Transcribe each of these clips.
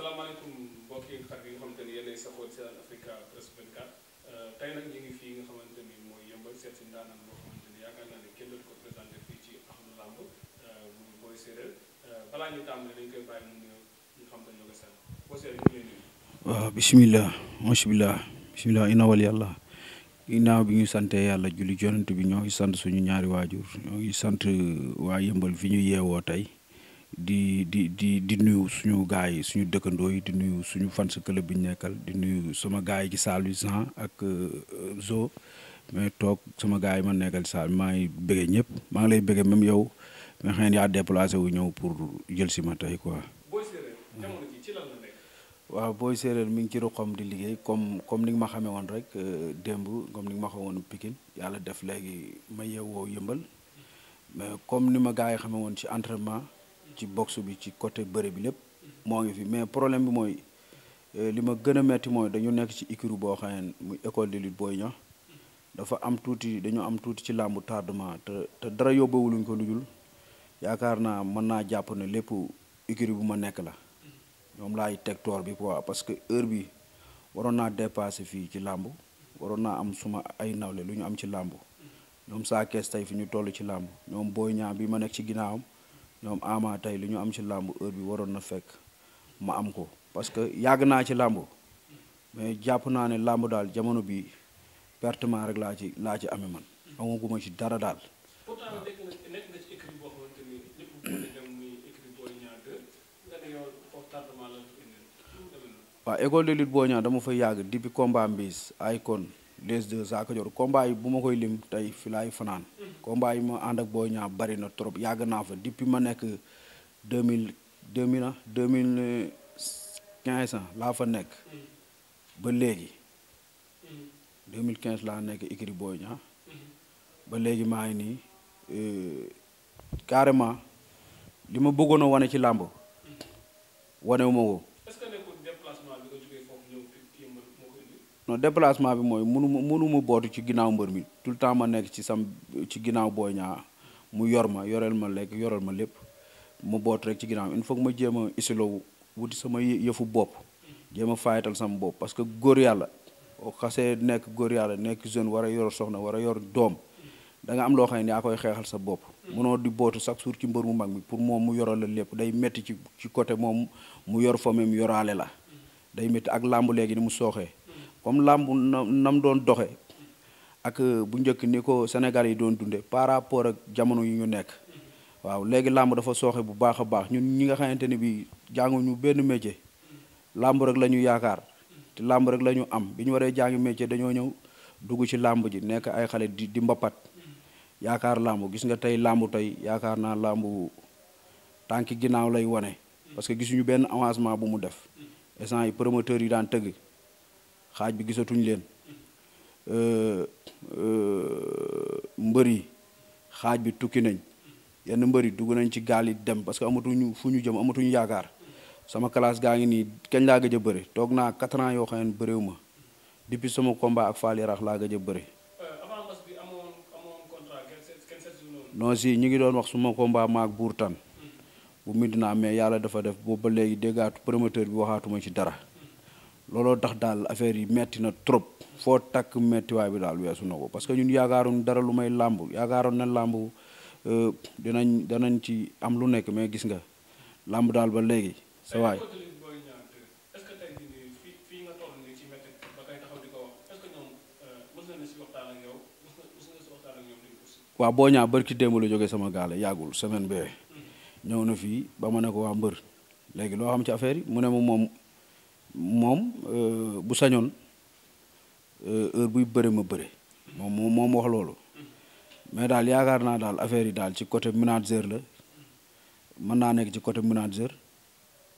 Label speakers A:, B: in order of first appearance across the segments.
A: salaamaaleykum mbokki xarit yi nga xamante euh, ngi fii nga
B: xamante euh, euh, inawal yàlla ginnaaw bi ñu sante yàlla julli jonante bi ñoo ngi sant suñu ñaari waajur ñoo sant waa yëmbal fi ñu yeewoo tey di di di di nuyu suñu gars yi suñu dëkkandoo yi di nuyu suñu fans club bi ñu nekkal di nuyu sama gars yi ci saalu Jean ak euh, Zo mais toog sama gars yi ma nekkal saal maa ngi bëggee ñëpp maa ngi lay bëggee même yow mais xëy na wu ñëw pour jël si ma tey quoi. waaw booy séeréer mi ngi ci ruqam di liggéey comme comme ni nga ma xamee woon rek euh, démb comme ni nga ma xamee woon Pikine yàlla def léegi ma yeewoo yëmbal mais comme ni ma gars yi xamee woon ci entraînement. ci boxe bi ci côté bëre bi lépp moo ngi fi mais problème bi mooy euh, li ma gën a metti mooy dañu nekk ci écurie boo xam ne muy école de lutte Boy Niang dafa am tuuti dañu am tuuti ci làmbu tardement te te dara yóbbawuluñ ko lu yaakaar naa mën naa jàpp ne lépp écurie bu ma nekk la ñoom laay teg toor bi quoi parce que heure bi waroon naa dépassé fii ci làmb waroon naa am suma ay nawle lu ñu am ci làmb ñoom saa kees tey fi ñu toll ci làmb ñoom Boy Niang bi ma nekk ci ginnaawam ñoom ama tey li ñu am ci làmb heure bi waroon na fekk ma am ko parce que yàgg naa ci làmb mais jàpp naa ne làmb daal jamono bi pertement rek laa ci laa ci amee man amaguma ci dara daal waaw école de lutte boo ñaa dama fa yàgg depuis combat mbiis ay kon les deux saa ko jor bu ma koy lim tey fi laay fanaan combat yi ma ànd ak Boy ñaa bari na trop yàgg naa fa depuis ma nekk deux mille deux mille deux mille quinze laa fa nekk ba léegi deux mille quinze laa nekk écurie Boy Niang ba léegi maa ngi nii euh, carrément li ma bëggoon a wane ci làmb wane wu ma ko non déplacement bi mooy munu ma munu ma bootu ci ginnaaw mbër mi tout le temps ma nekk ci sam ci ginnaaw booy ñaa mu yor ma yoreel ma lekk yoral ma lépp ma boot rek ci ginnaaw il faut ma jéem a isolé wuti sama yëfu bopp jéem a faayatal sama bopp parce que góor yàlla xasee nekk góor yàlla nekk jeune war a yor soxna war a yor doom da am loo xam ne yaa koy xeexal sa bopp. mënoo di bootu chaque jour ci mbër mu mag mi pour moom mu yoral la lépp day métti ci ci côté moom mu yor famille mu yoraale la. day métti ak làmb léegi ni mu sooxee. comme làmb na nam doon doxe ak euh, bu njëkk ni ko Sénégal yi doon dunde par rapport ak jamono yu ñu nekk waaw léegi làmb dafa sooxe bu baax a baax ñun ñi nga xamante ni bi ñu benn métier làmb rek la ñu yaakaar te làmb rek lañu am bi ñu waree jàngi métier dañoo ñëw dugg ci làmb ji nekk ay xale di di mbapat yaakaar làmb gis nga tey làmb tey yaakaar naa làmb tànki ginnaaw lay wane parce que gisuñu benn avancement bu mu def instant yi promoteurs yi daan tëgg xaaj bi gisatuñ leen euh, euh, mbër yi xaaj bi tukki nañ yenn mbër yi dugg nañ ci gaal yi dem parce que amatuñu fu ñu jëm amatuñu yaakaar sama classe gaa ngi nii kañ laa gëj a bëre toog naa quatre ans yoo xam ne bëreewu ma depuis sama combat ak Fall Yarax laa gëj a bëre. non si ñu ngi doon wax suma combat maag buur tan bu mid naa mais yàlla dafa def boobu ba léegi déggaatu promoteur bi waxaatuma ci dara. looloo tax daal affaire yi metti na trop foo takk mettiwaay bi daal weesu na ko parce que ñun yaakaaroon dara lu may làmb yaakaaroon na làmb euh, dinañ danañ ci am lu nekk mais gis nga làmb daal ba léegi sa waay waaw boo ñaa bër ci démb la jóge sama gaale yàggul semaine bee ñëw na fii ba ma ne ko waa mbër léegi loo xam ci affaire yi mu ne ma moom bu sañoon euh, heure buy bëre ma bëre moom moom moom wax loolu mais daal yaakaar naa daal affaire yi daal ci côté manager la mën naa nekk ci côté manager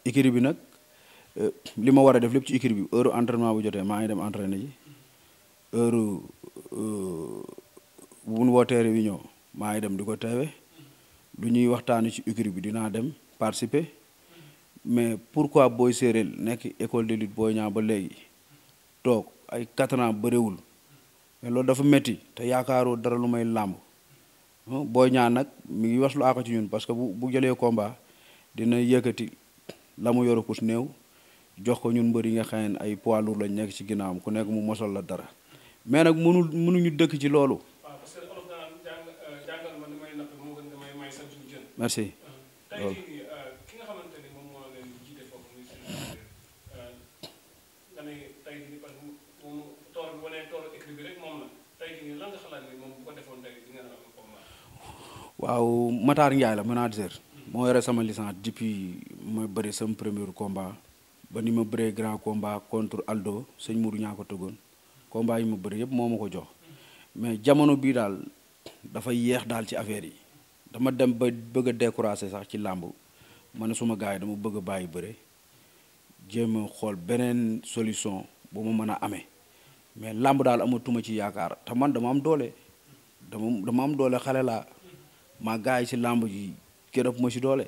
B: équipe bi nag euh, li ma war a def lépp ci équipe bi heure entraînement bu jotee maa ngi dem entraîné ji heure euh, bu nu wootee réunion maa ngi dem di ko teewe lu ñuy waxtaani ci équipe bi dinaa dem participer mais pourquoi booy Séeréer nekk école de lutte Boy Niang ba léegi toog ay quatre ans bëriwul mais loolu dafa métti te yaakaaroo dara lu may làmb hmm, booy ñaan nag mu ngi waslu aaka ci ñun parce que bu bu jëlee combat dina yëkkati la mu yoru kus néew jox ko ñun mbër yi nga xam ne ay poids lourd lañ nekk ci am ku nekk mu mosal la dara mais nag mënul mënuñu dëkk ci loolu. Euh, merci. Euh,
A: nga xalaat ni moom bu ko defoon tey
B: waaw Matar Ndiaye la manager moo yore sama licence depuis ma bëri sama premier combat ba ni ma bëree grand combat contre Aldo sëñ Mourou ñaa ko tëggoon combat yi ma bëri yëpp moo ma ko jox mais jamono bii daal dafa yéex daal ci affaire yi dama dem ba bëgg a sax ci làmb ma ne suma gars yi dama bëgg a bàyyi bëre jéem a xool beneen solution bu ma mën a amee. mais làmb daal amatuma ci yaakaar te man dama am doole dama dama am doole xale laa maa gars yi si làmb ji képp ma si doole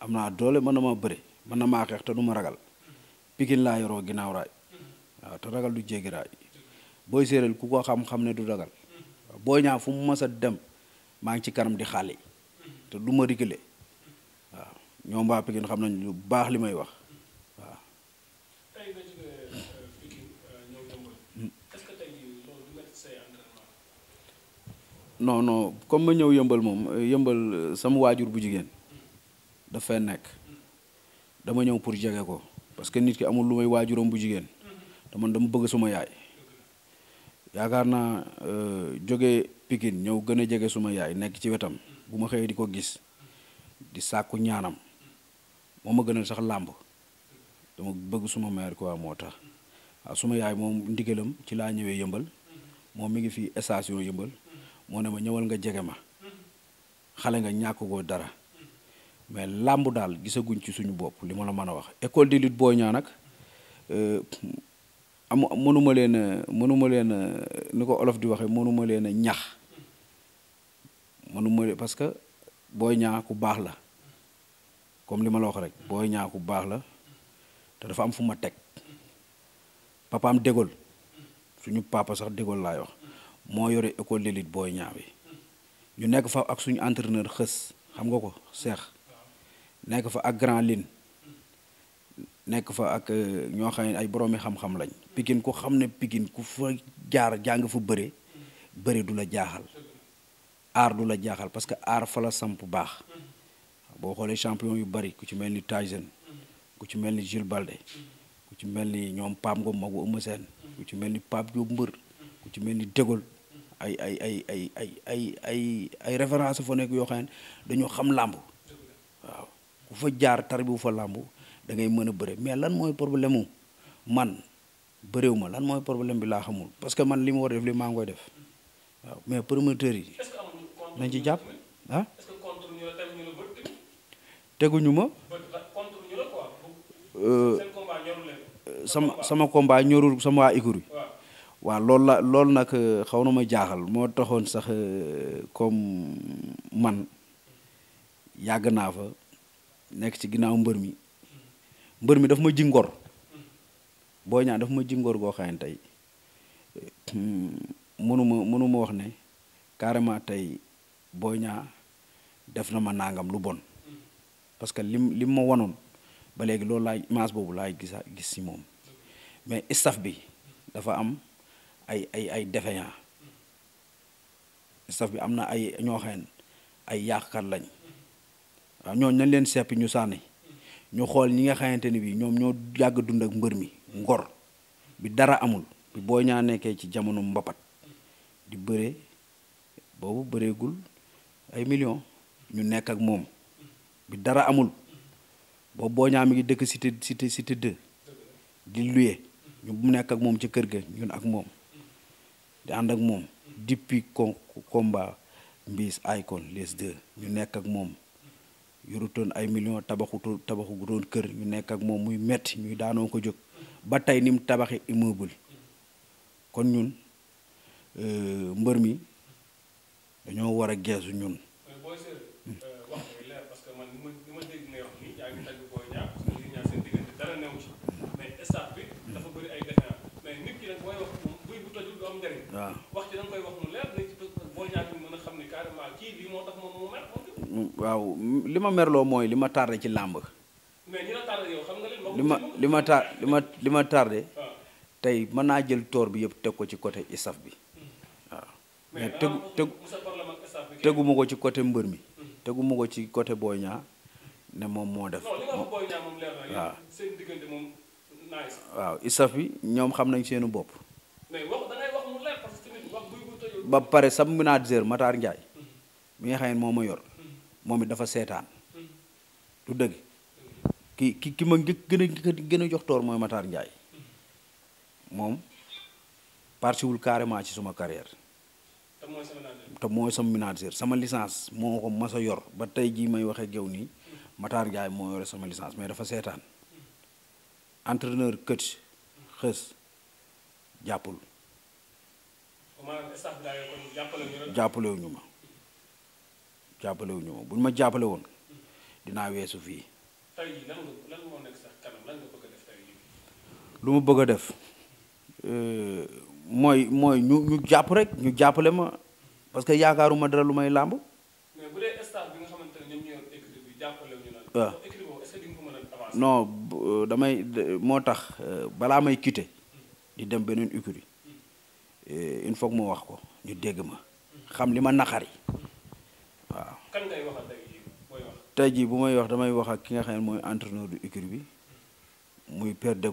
B: am naa doole mën na maa bëre mën na maa xeex te du ma ragal pikin laa yoroo ginnaaw raay waaw te ragal du jéggi booy séeréer ku ko xam-xam ne du ragal booy ñaa fu mu mës a dem maa ngi ci kanam di xàlli te du ma rigale waaw ñoom waa pikin xam nañ lu baax li may wax. non non comme ma ñëw yëmbal moom euh, yëmbal euh, sama waajur bu jigéen dafay nekk dama ñëw pour jege ko parce que nit ki amul lu may waajuram bu jigéen te man dama bëgg suma yaay yaakaar naa euh, jóge Pikine ñëw gën a jege suma yaay nekk ci wetam bu ma xëyee di ko gis di sàkku ñaanam moom ma gën a sax làmb dama bëgg suma mère quoi moo tax waaw suma yaay moom ndigalam ci laa ñëwee yëmbal moom mi ngi fi station yëmbal mo ne ma ñewal nga jégué ma xalé nga go dara mais lamb dal gisaguñ ci suñu bop li mo la mëna wax école de lutte Boy Niang nag euh, am mënuma leen a mënuma leen niko olof di waxee mënuma leen ñax mënuma parce que boña ku bax la comme li ma la wax rek boña ku bax la te dafa am fu ma papa papaam dégol suñu papa sax dégol la wax moo yore école d'élite booy ñaaw yi ñu nekk fa ak suñu entraîneur xës xam nga ko seex nekk fa ak grand line nekk fa ak euh, ñoo xam ay boroomi xam-xam lañ pikin ku xam ne pikin ku fa jaar jàng fa bëre bëre du la jaaxal aar du la jaaxal parce que aar fa la samp baax boo xoolee champion yu bari ku ci mel ni Tyson ku ci mel ni Jules ku ci mel ni ñoom Pape Ngom magu Eumeu Sène ku ci mel ni Pape Diop mbër ku ci mel ni Dégol ay ay ay ay ay ay ay ay référence fa nekk yoo xam ne dañoo xam làmb waaw ku fa jaar tar bu fa làmb da ngay mën a bëre mais lan mooy problème mu man bëréew ma lan mooy problème bi laa xamul parce que man li ma war a def li maa ngoy def waaw mais promoteurs yi nañ ci jàpp ah teguñu ma euh, sama sama combat ñorul sama waa écurie waaw loolu la loolu nag euh, xaw na ma jaaxal moo taxoon sax euh, comme man yàgg naa fa nekk ci ginnaaw mbër mi mbër mi daf ma ji ngor boo ñaan daf ma ji ngor goo xam ne tey mënuma hmm, mënuma wax ne carrément tey boo ñaa def na ma nangam lu bon parce que lim lim ma wanoon ba léegi loolu laay image boobu laay gisa gis si moom mais staff bi dafa am ay ay ay défaillant staff bi am na ay ñoo xam ay yàqkat lañ waaw ñooñu nañ leen seppi ñu sànni ñu xool ñi nga xamante ni bi ñoom ñoo yàgg dund ak mbër mi ngor bi dara amul bi boo ñaa nekkee ci jamono mbapat di bëre boobu bëreegul ay millions ñu nekk ak moom bi dara amul boobu boo ñaa mi ngi dëkk cité cité cité 2 di luye ñu nekk ak moom ci kër ga ñun ak moom di ànd ak moom depuis combat Mbiss Akon les deux ñu nekk ak moom yorutoon ay millions tabaxutoon tabaxutoon kër ñu nekk ak moom muy metti ñuy daanoo ko jog ba tey ni mu tabaxee immeuble kon ñun euh, mbër mi dañoo war a geesu ñun waaw mm, waaw mm, li ma merloo mooy li ma tardé ci làmb
A: mais li ma li ma
B: ta li ma li tey mën naa jël toor bi yépp teg ko ci côté istaf bi mm. waaw mais tegu tegu teguma ko ci côté mbër mi teguma ko ci côté Boy Niang ne moom moo def waaw waaw isaf bi ñoom xam nañ seenu bopp ba pare sam manager Matar Ndiaye mi nga xam ne moo ma yor moom it dafa seetaan du dëgg ki ki ki ma gën a gën a jox toor mooy Matar Ndiaye moom partiwul carrément ci suma carrière te mooy sama manager sama licence moo ko mas a yor ba tey jii may waxee géw nii Matar Ndiaye moo yore sama licence mais dafa seetaan entraîneur coach xës jàppul jàppalewuñu ma jàppalewuñu ma bu ñu ma jàppale woon dinaa weesu fii lu ma bëgg a def euh, mooy mooy ñu ñu jàpp rek ñu jàppale ma parce que yaakaaruma dara lu may làmb waaw damay moo tax euh, balaa may quitter di dem beneen écurie Eh, il faut que wax ko ñu dégg ma xam li ma naqari waaw. kan ngay tey jii bu may wax damay wax ak ki nga xam ne mooy entraîneur du écurie bi muy Père De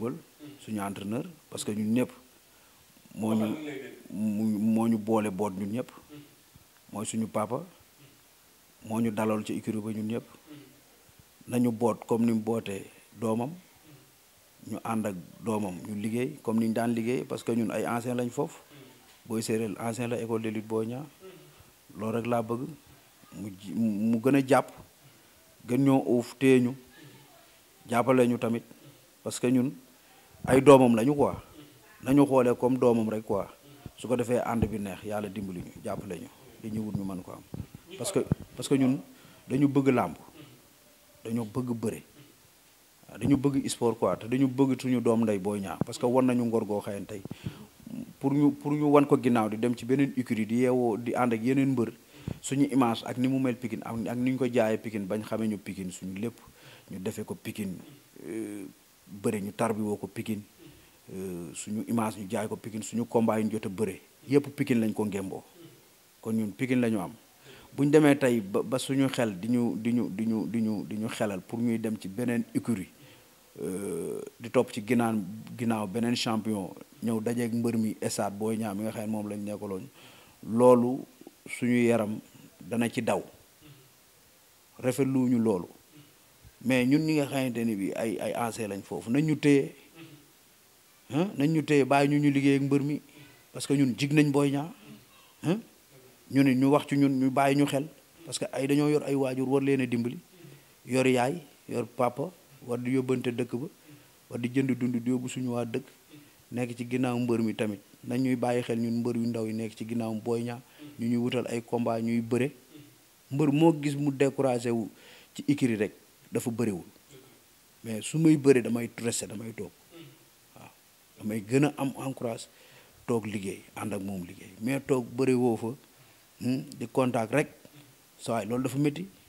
B: suñu entraîneur parce que ñun ñëpp moo ñu moo ñu boole boot ñun ñëpp mooy suñu papa moo ñu dalool ci écurie ba ñun ñëpp nañu boot comme ni mu bootee doomam ñu ànd ak doomam ñu liggéey comme ni ñu daan liggéey parce que ñun ay anciens lañu foofu booy séeréer ancien la école de lutte Boy Niang loolu rek laa bëgg mu mu gën a jàpp gën ñoo uuf téye ñu jàppale ñu tamit parce que ñun ay doomam lañu quoi nañu xoolee comme doomam rek quoi su ko defee ànd bi neex yàlla dimbali ñu jàppale ñu li ñu wut mën ko am parce que parce que ñun dañu bëgg làmb dañu bëgg bëre dañu bëgg sport quoi te dañu bëgg suñu doom ndey Boy Niang parce que war nañu ngor goo xëyan tey pour ñu pour ñu wan ko ginnaaw di dem ci beneen écurie di yeewoo di ànd ak yeneen mbër suñu image ak ni mu mel Pikine ak ak ni ñu ko jaayee Pikine bañ xamee ñu Pikine suñu lépp ñu defee ko Pikine euh, bëre ñu tarbiwoo ko Pikine euh, suñu image ñu jaay ko pikin suñu combat yi jot a bëre yëpp Pikine lañ ko ngémboo kon ñun pikin lañu am bu ñu demee tey ba ba suñu xel di ñu di ñu di ñu di ñu di ñu xelal pour ñuy dem ci beneen écurie Euh, di topp ci ginnaaw ginnaaw beneen champion ñëw dajeek mbër mi esaat booy ñaam mi nga xam ne moom lañ nekkaloon loolu suñu yaram dana ci daw rafetluwuñu loolu mais ñun ñi nga xamante ni bi ay ay ancien lañ foofu nañ ñu téye nañ ñu téye bàyyi ñu ñu liggéey ak mbër mi parce que ñun jig nañ booy ñaa ñu ne ñu wax ci ñun ñu bàyyi ñu xel parce que ay dañoo yor ay waajur war leen a dimbali yor yaay yor papa war di yóbbante dëkk ba war di jënd dund di yóbbu suñu waa dëkk nekk ci ginnaaw mbër mi tamit nañ ñuy bàyyi xel ñun mbër yu ndaw yi nekk ci ginnaaw Boy Niang ñu ñuy wutal ay combat ñuy bëre mbër moo gis mu découragé wu ci icri rek dafa bëriwul mais su may bëre damay resté damay toog waaw damay gën a am encourage toog liggéey ànd ak moom liggéey mais toog bëri woo fa hmm, di contact rek saa waay loolu dafa métti